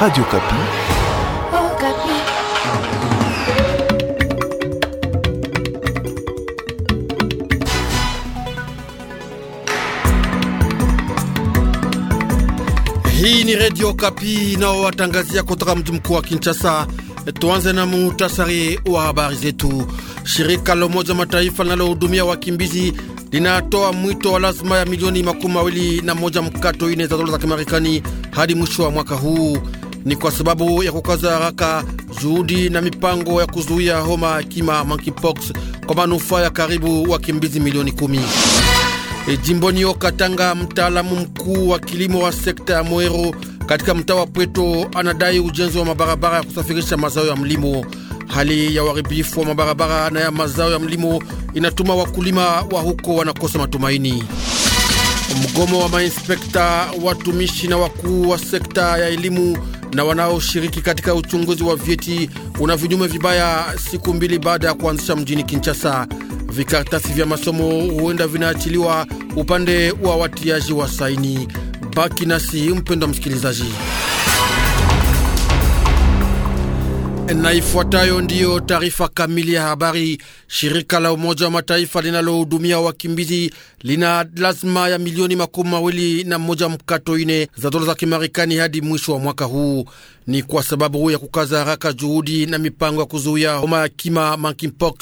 Radio Kapi. Oh, Kapi. Hii ni Radio Kapi nao watangazia kutoka mji mkuu wa Kinshasa. Tuanze na muhtasari wa habari zetu. Shirika la Umoja Mataifa linalohudumia wakimbizi linatoa mwito wa lazima ya milioni makumi mawili na moja mkato ine za dola za Kimarekani hadi mwisho wa mwaka huu ni kwa sababu ya kukaza haraka juhudi na mipango ya kuzuia homa ya kima monkeypox kwa manufaa ya karibu wakimbizi milioni kumi. E, jimboni Okatanga, mtaalamu mkuu wa kilimo wa sekta ya Mwero katika mtaa wa Pweto anadai ujenzi wa mabarabara ya kusafirisha mazao ya mlimo. Hali ya uharibifu wa mabarabara na ya mazao ya mlimo inatuma wakulima wa huko wanakosa matumaini. Mgomo wa mainspekta watumishi na wakuu wa sekta ya elimu na wanaoshiriki katika uchunguzi wa vyeti una vinyume vibaya, siku mbili baada ya kuanzisha mjini Kinshasa. Vikaratasi vya masomo huenda vinaachiliwa upande wa watiaji wa saini. Baki nasi mpendwa msikilizaji. Na ifuatayo ndiyo taarifa kamili ya habari. Shirika la Umoja wa Mataifa linalohudumia wakimbizi lina lazima ya milioni makumi mawili na moja mkato ine za dola za Kimarekani hadi mwisho wa mwaka huu. Ni kwa sababu ya kukaza haraka juhudi na mipango ya kuzuia homa ya kima monkeypox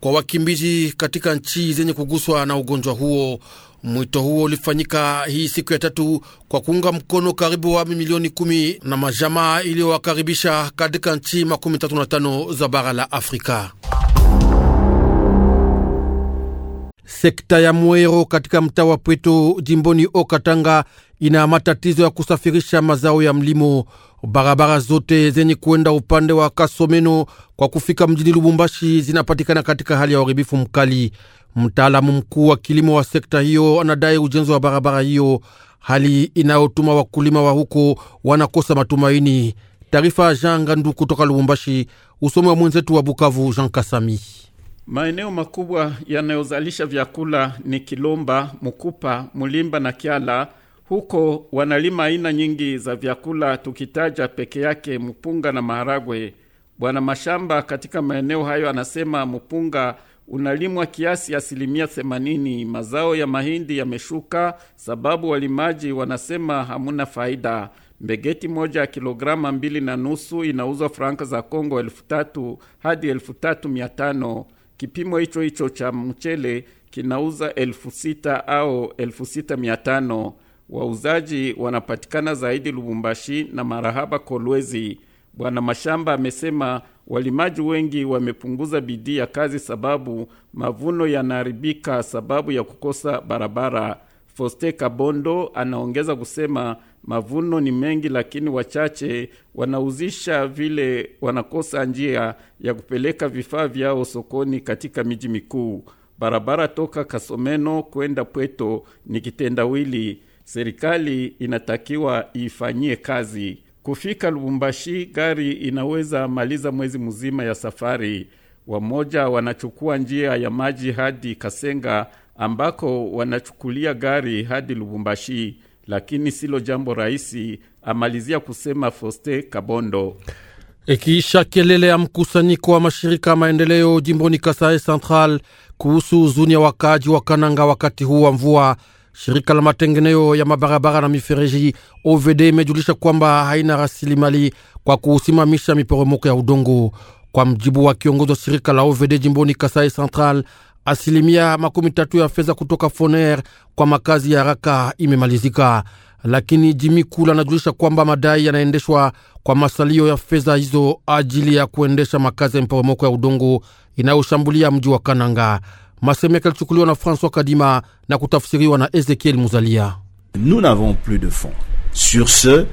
kwa wakimbizi katika nchi zenye kuguswa na ugonjwa huo. Mwito huo ulifanyika hii siku ya tatu kwa kuunga mkono karibu wami milioni kumi na majamaa iliyowakaribisha katika nchi makumi tatu na tano za bara la Afrika. Sekta ya Mwero katika mtaa wa Pweto jimboni Okatanga ina matatizo ya kusafirisha mazao ya mlimo. Barabara zote zenye kuenda upande wa Kasomeno kwa kufika mjini Lubumbashi zinapatikana katika hali ya uharibifu mkali. Mtaalamu mkuu wa kilimo wa sekta hiyo anadai ujenzi wa barabara hiyo, hali inayotuma wakulima wa huko wanakosa matumaini. Taarifa ya Jean Ngandu kutoka Lubumbashi, usomi wa mwenzetu wa Bukavu, Jean Kasami. Maeneo makubwa yanayozalisha vyakula ni Kilomba, Mukupa, Mulimba na Kiala. Huko wanalima aina nyingi za vyakula, tukitaja peke yake mpunga na maharagwe. Bwana mashamba katika maeneo hayo anasema mpunga unalimwa kiasi asilimia 80. Mazao ya mahindi yameshuka sababu walimaji wanasema hamuna faida. Mbegeti moja ya kilograma mbili na nusu inauzwa franka za Kongo elfu tatu hadi elfu tatu mia tano. Kipimo hicho hicho cha mchele kinauza elfu sita au elfu sita mia tano. Wauzaji wanapatikana zaidi Lubumbashi na Marahaba Kolwezi. Bwana Mashamba amesema walimaji wengi wamepunguza bidii ya kazi sababu mavuno yanaharibika sababu ya kukosa barabara. Foste Kabondo anaongeza kusema mavuno ni mengi, lakini wachache wanauzisha vile wanakosa njia ya kupeleka vifaa vyao sokoni katika miji mikuu. Barabara toka Kasomeno kwenda Pweto ni kitendawili, serikali inatakiwa iifanyie kazi. Kufika Lubumbashi, gari inaweza maliza mwezi mzima ya safari. Wamoja wanachukua njia ya maji hadi Kasenga, ambako wanachukulia gari hadi Lubumbashi, lakini silo jambo rahisi, amalizia kusema Foste Kabondo. Ikiisha kelele ya mkusanyiko wa mashirika ya maendeleo jimboni Kasai Central kuhusu huzuni ya wakaaji wa Kananga wakati huu wa mvua Shirika la matengeneo ya mabarabara na mifereji OVD imejulisha kwamba haina rasilimali kwa kusimamisha miporomoko ya udongo. Kwa mjibu wa kiongozi wa shirika la OVD jimboni Kasai Central, asilimia makumi tatu ya fedha kutoka Foner kwa makazi ya haraka imemalizika, lakini Jimi Kula anajulisha kwamba madai yanaendeshwa kwa masalio ya fedha hizo ajili ya kuendesha makazi ya miporomoko ya udongo inayoshambulia mji wa Kananga. masemi yalichukuliwa na François Kadima na kutafsiriwa na Ezekiel Muzalia. Nous n'avons plus de fonds. Sur ce,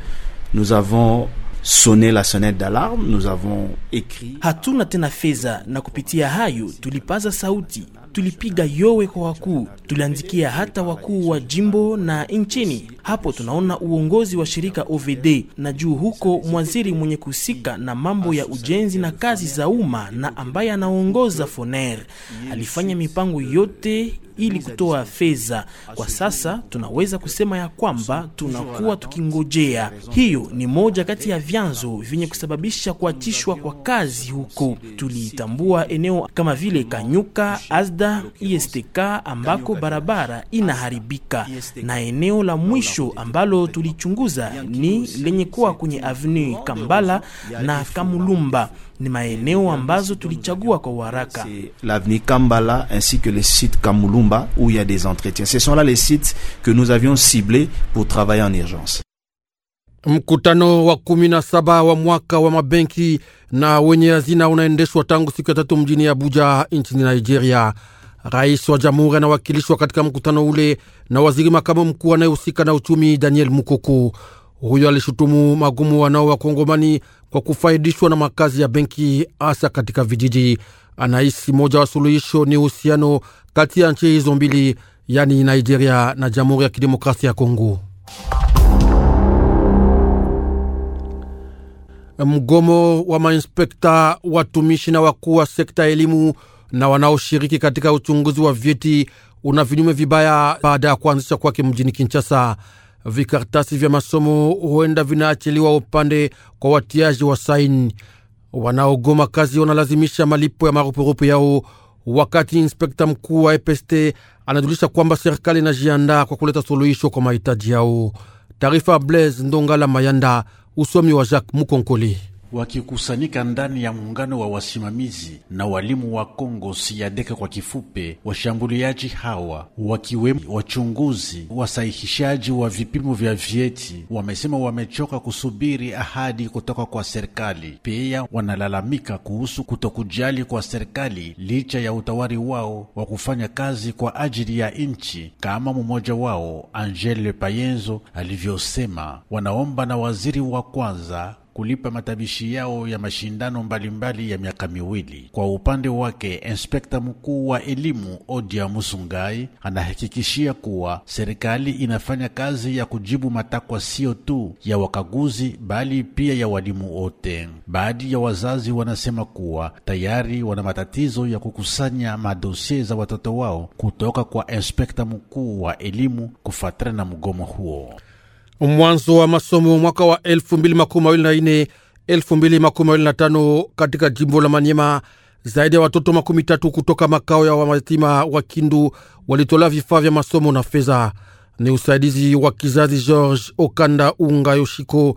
nous avons sonné la sonnette d'alarme, nous avons écrit. Hatuna tena fedha, na kupitia hayo tulipaza sauti tulipiga yowe kwa wakuu, tuliandikia hata wakuu wa jimbo na nchini. Hapo tunaona uongozi wa shirika OVD na juu huko mwaziri mwenye kuhusika na mambo ya ujenzi na kazi za umma na ambaye anaongoza FONER alifanya mipango yote ili kutoa fedha. Kwa sasa tunaweza kusema ya kwamba tunakuwa tukingojea. Hiyo ni moja kati ya vyanzo vyenye kusababisha kuachishwa kwa kazi huko. Tulitambua eneo kama vile Kanyuka, Asda, ISTK e ambako barabara inaharibika, na eneo la mwisho ambalo tulichunguza ni lenye kuwa kwenye Avenue Kambala na Kamulumba ni maeneo ambazo tulichagua kwa uharaka. L'avenue Kambala ainsi que le site Kamulumba où il y a des entretiens. Ce sont là les sites que nous avions ciblés pour travailler en urgence. Mkutano wa kumi na saba wa mwaka wa mabenki na wenye hazina unaendeshwa tangu siku ya tatu mjini Abuja nchini Nigeria. Rais wa jamhuri anawakilishwa katika mkutano ule na waziri makamu mkuu anayehusika na uchumi Daniel Mukoko. Huyo alishutumu magumu wanao wakongomani kwa kufaidishwa na makazi ya benki hasa katika vijiji. Anahisi moja wa suluhisho ni uhusiano kati ya nchi hizo mbili, yani Nigeria na Jamhuri ya Kidemokrasia ya Kongo. Mgomo wa mainspekta watumishi na wakuu wa sekta ya elimu na wanaoshiriki katika uchunguzi wa vyeti una vinyume vibaya baada ya kuanzisha kwake mjini Kinshasa vikaratasi vya masomo huenda vinaachiliwa upande kwa watiaji wa saini. Wanaogoma kazi wanalazimisha malipo ya marupurupu yao, wakati inspekta mkuu wa EPST anajulisha kwamba serikali inajiandaa kwa kuleta suluhisho kwa mahitaji yao. Taarifa Blaise Ndongala Mayanda, usomi wa Jacques Mukonkoli wakikusanyika ndani ya muungano wa wasimamizi na walimu wa Kongo siadeka kwa kifupe. Washambuliaji hawa wakiwemo wachunguzi, wasahihishaji wa vipimo vya vyeti, wamesema wamechoka kusubiri ahadi kutoka kwa serikali. Pia wanalalamika kuhusu kutokujali kwa serikali licha ya utawari wao wa kufanya kazi kwa ajili ya nchi, kama mmoja wao Angele Payenzo alivyosema. Wanaomba na waziri wa kwanza kulipa matabishi yao ya mashindano mbalimbali ya miaka miwili. Kwa upande wake, inspekta mkuu wa elimu Odia Musungai anahakikishia kuwa serikali inafanya kazi ya kujibu matakwa sio tu ya wakaguzi bali pia ya walimu wote. Baadhi ya wazazi wanasema kuwa tayari wana matatizo ya kukusanya madosie za watoto wao kutoka kwa inspekta mkuu wa elimu kufuatana na mgomo huo mwanzo wa masomo mwaka wa 2024 2025 katika jimbo la Manyema, zaidi ya watoto makumi tatu kutoka makao ya wamatima wa Kindu walitolea vifaa vya masomo na fedha. Ni usaidizi wa kizazi George Okanda Unga Yoshiko.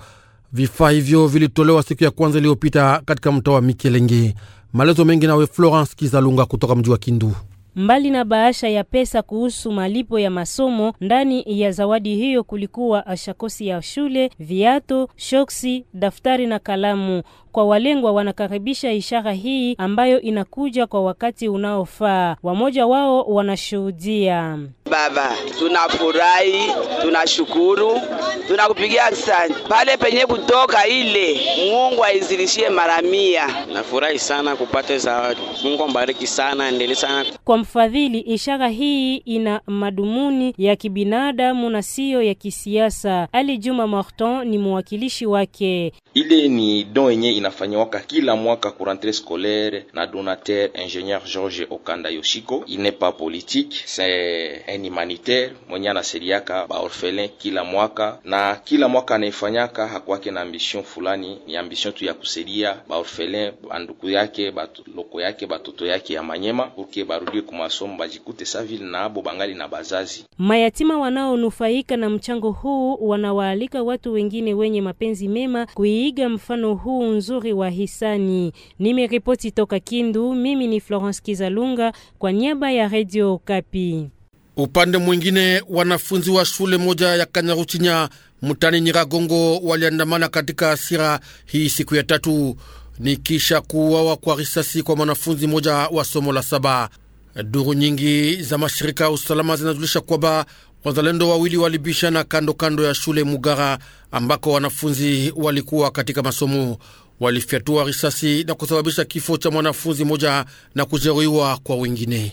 Vifaa hivyo vilitolewa siku ya kwanza iliyopita katika mtaa wa Mikelenge. Maelezo mengi nawe Florence Kizalunga kutoka mji wa Kindu. Mbali na bahasha ya pesa kuhusu malipo ya masomo, ndani ya zawadi hiyo kulikuwa ashakosi ya shule, viato, shoksi, daftari na kalamu kwa walengwa wanakaribisha ishara hii ambayo inakuja kwa wakati unaofaa. Wamoja wao wanashuhudia: Baba, tunafurahi, tunashukuru, tunakupigia asante pale penye kutoka ile. Mungu aizilishie mara mia. Nafurahi sana kupata zawadi. Mungu ambariki sana, endelee sana. Kwa mfadhili, ishara hii ina madumuni ya kibinadamu na siyo ya kisiasa. Ali Juma Morton ni mwakilishi wake. Ile ni don yenye inafanywaka kila mwaka kurantre scolaire na donateur ingenieur George Okanda Yoshiko. Il n'est pas politique, c'est un humanitaire mwenye ba orphelin kila mwaka, na kila mwaka anaifanyaka hakuwake na ambition fulani, ni ambition tu ya ba baorphelin banduku yake baloko yake batoto yake ya manyema urke barudie kumasomo bajikute savile na abo bangali na bazazi. Mayatima wanaonufaika na mchango huu wanawaalika watu wengine wenye mapenzi mema kuiiga mfano huu nzuri uzuri wa hisani. Nimeripoti toka Kindu, mimi ni Florence Kizalunga kwa niaba ya Radio Kapi. Upande mwingine, wanafunzi wa shule moja ya Kanyaruchinya mtani Nyiragongo waliandamana katika asira hii siku ya tatu ni kisha kuuawa kwa risasi kwa mwanafunzi moja wa somo la saba. Duru nyingi za mashirika ya usalama zinajulisha kwamba wazalendo wawili walibishana kando kando ya shule Mugara ambako wanafunzi walikuwa katika masomo walifyatua risasi na kusababisha kifo cha mwanafunzi moja na kujeruhiwa kwa wengine.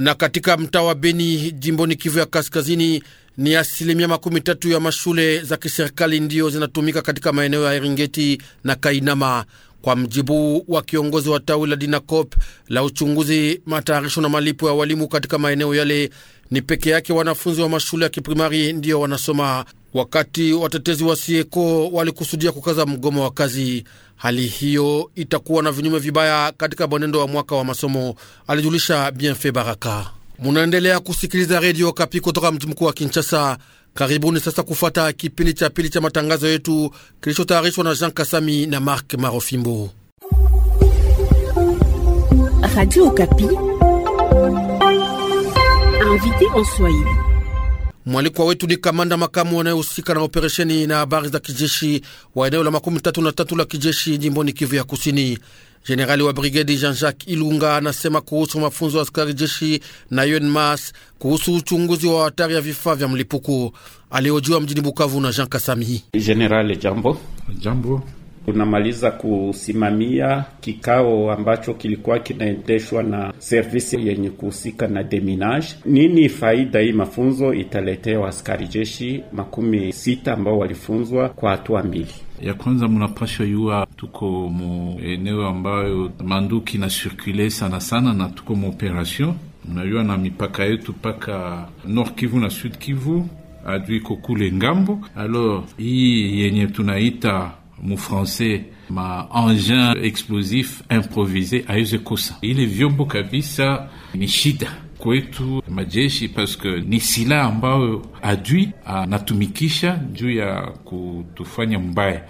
Na katika mtaa wa Beni jimboni Kivu ya Kaskazini, ni asilimia makumi tatu ya mashule za kiserikali ndiyo zinatumika katika maeneo ya Eringeti na Kainama kwa mjibu wa kiongozi wa tawi la Dinacop la uchunguzi, matayarisho na malipo ya walimu katika maeneo yale, ni peke yake wanafunzi wa mashule ya kiprimari ndiyo wanasoma Wakati watetezi wa Sieko walikusudia kukaza mgomo wa kazi, hali hiyo itakuwa na vinyume vibaya katika mwenendo wa mwaka wa masomo, alijulisha Bienfait Baraka. Munaendelea kusikiliza redio Kapi kutoka mji mkuu wa Kinshasa. Karibuni sasa kufata kipindi cha pili cha matangazo yetu kilichotayarishwa na Jean Kasami na Mark Marofimbo. Radio Kapi invité en Swahili Mwalikwa wetu ni kamanda makamu anayehusika na operesheni na habari za kijeshi wa eneo la makumi tatu na tatu la kijeshi jimboni Kivu ya Kusini. Jenerali wa brigedi Jean-Jacques Ilunga anasema kuhusu mafunzo ya askari jeshi na UNMAS kuhusu uchunguzi wa hatari ya vifaa vya mlipuko. Alihojiwa mjini Bukavu na Jean Kasami. Jenerali, jambo. Jambo tunamaliza kusimamia kikao ambacho kilikuwa kinaendeshwa na servisi yenye kuhusika na deminage. Nini faida hii mafunzo italetea askari jeshi makumi sita ambao walifunzwa kwa hatua mbili. Ya kwanza munapasha yuwa tuko mu eneo ambayo manduki na sirkule sana sana, na tuko mu operation mnayua na mipaka yetu paka Nord Kivu na Sud Kivu adui kokule ngambo. Alors hii yenye tunaita Mon français ma engin explosif improvisé aweze Il est vyombo kabisa ni shida kwetu majeshi parce que nisila ambao adui anatumikisha juu ya kutufanya mbaya.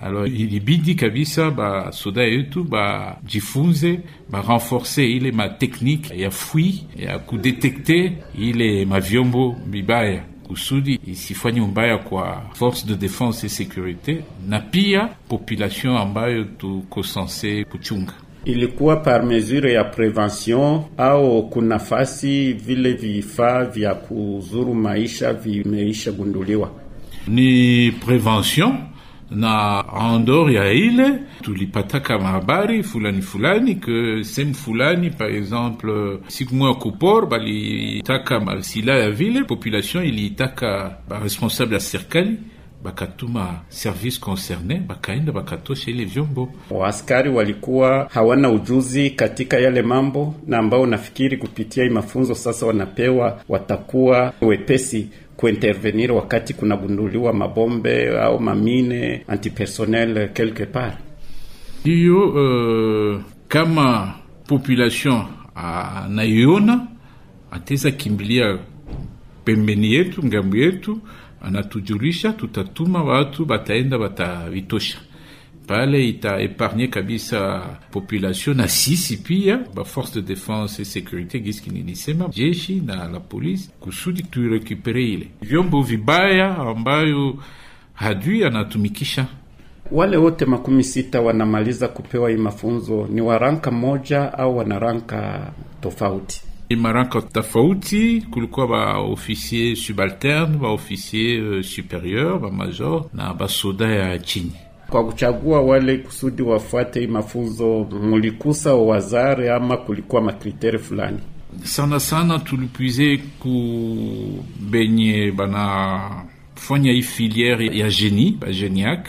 Alors ilibidi kabisa renforcé. yetu bajifunze barenforce ile technique, ya fui ya est ma viombo, bibaye kusudi isifanye mbaya kwa force de defense et sécurité, na pia population ambayo tuko sense kuchunga. Ilikuwa par mesure ya prevention au kuna fasi vile vifaa vya kuzuru maisha vimeisha gunduliwa? Ni prevention na andor ya ile tulipataka mahabari fulani fulani ke sehemu fulani, par exemple, siku moya kupor balitaka masila ya vile, population iliitaka baresponsable ya serikali bakatuma service concerne bakaenda bakatosha ile vyombo. Waaskari walikuwa hawana ujuzi katika yale mambo, na ambao nafikiri kupitia mafunzo sasa wanapewa watakuwa wepesi kuintervenir wakati kunagunduliwa mabombe au mamine antipersonnel quelque part. Ndiyo, uh, kama population anaiona ateza kimbilia pembeni yetu, ngambo yetu, anatujulisha, tutatuma watu, bataenda, batavitosha pale itaepargne kabisa population na sisi pia ba force de défense et security gisi nilisema, jeshi na la polisi, kusudi tuirekupere ile vyombo vibaya ambayo hadui anatumikisha. Wale wote makumi sita wanamaliza kupewa hii mafunzo, ni waranka moja au wanaranka tofauti? Maranka tofauti, kulikuwa ba subalterne, ba officier euh, superieur, ba major na basoda ya chini kwa kuchagua wale kusudi wafuate mafunzo, mulikusa wazare ama kulikuwa makriteri fulani? Sana sana tulipuize ku benye banafanya hii filiere ya geni bageniak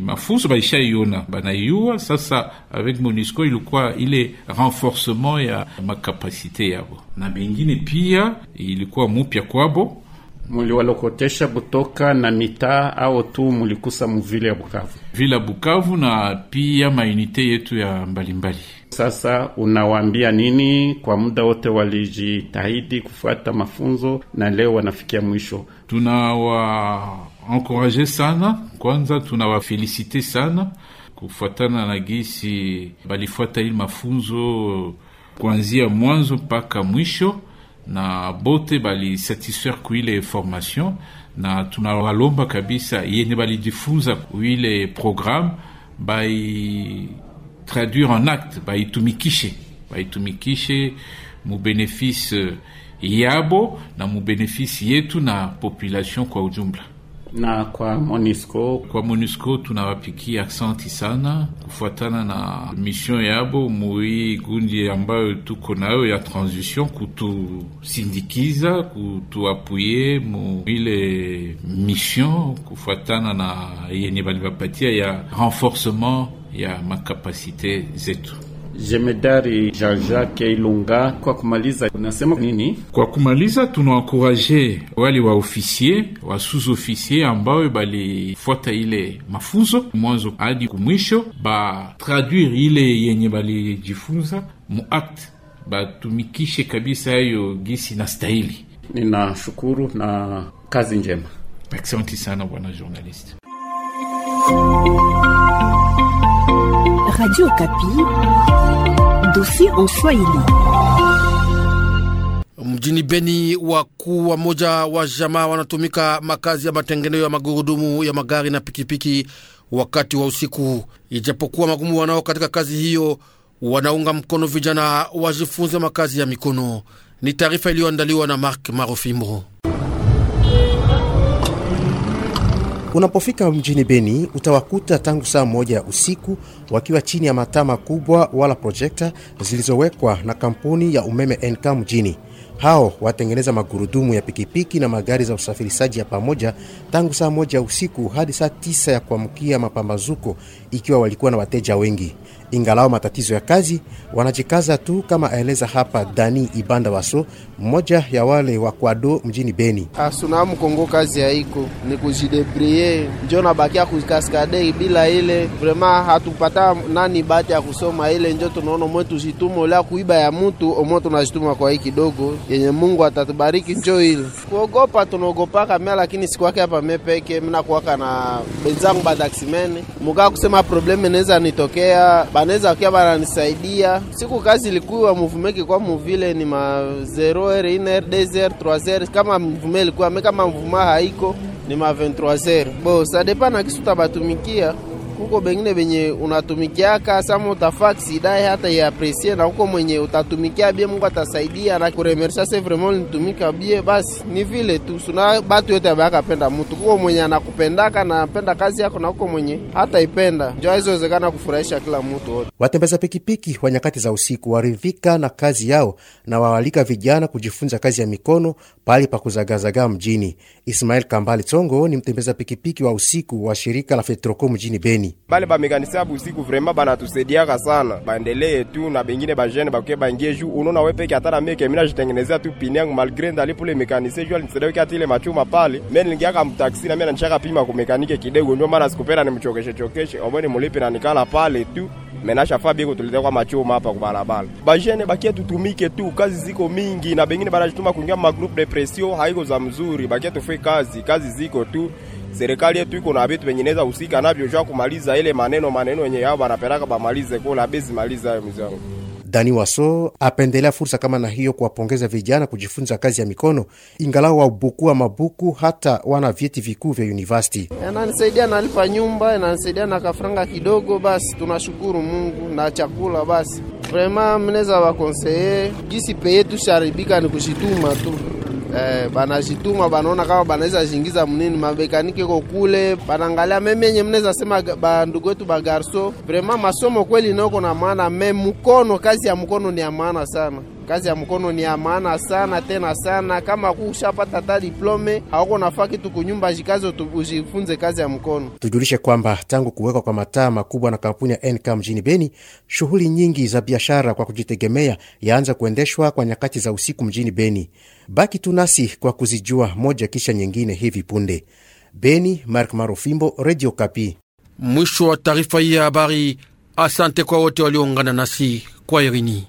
mafunzo baishaiona banaiua sasa. Avec MONUSCO ilikuwa ile renforcement ya makapasite yabo, na bengine pia ilikuwa mupya kwabo muliwalokotesha butoka na mitaa au tu mulikusa muvile ya Bukavu? Vila Bukavu na pia mainite yetu ya mbalimbali mbali. Sasa unawaambia nini? Kwa muda wote walijitahidi kufuata mafunzo na leo wanafikia mwisho. Tunawaankoraje sana, kwanza tunawafelisite sana kufuatana na gisi balifuata ili mafunzo kuanzia mwanzo mpaka mwisho. na bote balisatisfaire kuile formation na tunawalomba kabisa yene balijifunza kuile programme traduire en acte baitumikishe baitumikishe bénéfice yabo na bénéfice yetu na population kwa ujumla na kwa MONUSCO. Kwa MONUSCO tunawapikia asanti sana kufuatana na mission yabo Mui gundi ambayo tuko nayo ya transition, kutusindikiza kutuapuye mission kufuatana na yenye ya renforcement ya makapasite zetu. Jemedari Jean-Jacques Ilunga, kwa kumaliza unasema nini? Kwa kumaliza, tunawakuraje wali wa ofisie wa sous-ofisie ambao balifuata ile mafunzo mwanzo hadi kumwisho, ba traduire ile yenye balijifunza muakte, batumikishe kabisa hayo gisi na stahili. Ninashukuru na kazi njema. Asante sana bwana journalist. Radio Kapi, dossier en Swahili. Mjini Beni, wakuu wa moja wa jamaa wanatumika makazi ya matengenezo ya magurudumu ya magari na pikipiki wakati wa usiku. Ijapokuwa magumu wanao katika kazi hiyo, wanaunga mkono vijana wajifunze makazi ya mikono. Ni taarifa iliyoandaliwa na Mark Marofimbo. Unapofika mjini Beni utawakuta tangu saa moja ya usiku wakiwa chini ya mataa makubwa wala projekta zilizowekwa na kampuni ya umeme NK mjini hao watengeneza magurudumu ya pikipiki na magari za usafirishaji ya pamoja tangu saa moja usiku hadi saa tisa ya kuamkia mapambazuko, ikiwa walikuwa na wateja wengi. Ingalao matatizo ya kazi, wanajikaza tu, kama aeleza hapa Dani Ibanda Waso, mmoja ya wale wa Kwado mjini Beni. Asunamu Kongo, kazi haiko ni kujidebrie, njo nabakia kukaskadei bila ile vrema, hatupata nani bati ya kusoma ile, njo tunaona mwe tuzitumo la kuiba ya mutu omwe tunazituma kwa hii kidogo yenye Mungu atatubariki njo ile kuogopa. Tunaogopaka mea, lakini yake hapa mepeke, minakuwaka na benzangu badaksimene, mukaa kusema problem inaweza nitokea, banaweza bana bananisaidia. Siku kazi ilikuwa mvumeki kwa muvile ni ma 0 r 4 r 2 3 r kama mvume ilikuwa kama mvuma haiko ni ma 23 r. Bo sadepa na kisu tabatumikia huko bengine benye unatumikiaka sama utafaksi dai hata iapresie, na huko mwenye utatumikia bie, Mungu atasaidia na kuremersha. Se vraiment nitumika bie, basi ni vile tu suna batu yote abayaka penda mutu. huko mwenye anakupendaka na anapenda kazi yako, na huko mwenye hata ipenda njo aizowezekana kufurahisha kila mutu wote. Watembeza pikipiki wa nyakati za usiku waridhika na kazi yao na wawalika vijana kujifunza kazi ya mikono pali pa kuzagazaga mjini. Ismail Kambali Tsongo ni mtembeza pikipiki wa usiku wa shirika la Fetroko mjini Beni nini. Bale bamekanisaba usiku vrema banatusaidiaka sana, baendelee tu na bengine bajene bakuye bangie juu unona wepeke hatara mieke mina jitengenezea tu pini yangu malgre ndali pule mekanise juu alinisaidia wiki ile machuma pale mimi nilingiaka mtaksi na mimi nanishaka pima kumekanike kidogo, ndio maana sikupenda nimchokeshe chokeshe omwe mulipe na nikala pale tu menasha fabi kutuletea kwa machoma hapa kwa Bajene bakia tutumike tu, kazi ziko mingi na bengine banajituma kuingia ma depression haiko za mzuri, bakia tufue kazi, kazi ziko tu serikali yetu iko na vitu venye naweza usika navyo sha kumaliza ile maneno maneno yenye yao wanapeleka bamalize kola bezi maliza hayo mizangu. Dani Waso apendelea fursa kama na hiyo kuwapongeza vijana kujifunza kazi ya mikono, ingalau wabukua mabuku hata wana vyeti vikuu vya university. Ananisaidia nalipa nyumba, ananisaidia na kafranga kidogo, basi tunashukuru Mungu na chakula. Basi vrema mnaweza wakonseye jisi pe yetu sharibika ni kushituma tu eh, banajituma banaona kama banaweza zingiza mnini mamekanike ko kule banangalia memenye mnaweza sema bandugu wetu bagarso vraiment masomo kweli inaoko na maana me mkono kazi ya mkono ni ya maana sana kazi ya mkono ni ya maana sana tena sana. Kama kushapata ta diplome hauko nafaa kitu kunyumba, jikazi ujifunze kazi ya mkono. Tujulishe kwamba tangu kuwekwa kwa mataa makubwa na kampuni ya Enka mjini Beni, shughuli nyingi za biashara kwa kujitegemea yaanza kuendeshwa kwa nyakati za usiku mjini Beni. Baki tu nasi kwa kuzijua moja kisha nyingine hivi punde. Beni, Mark Marofimbo, Radio Kapi. Mwisho wa taarifa hii ya habari. Asante kwa wote walioungana nasi kwa Irini.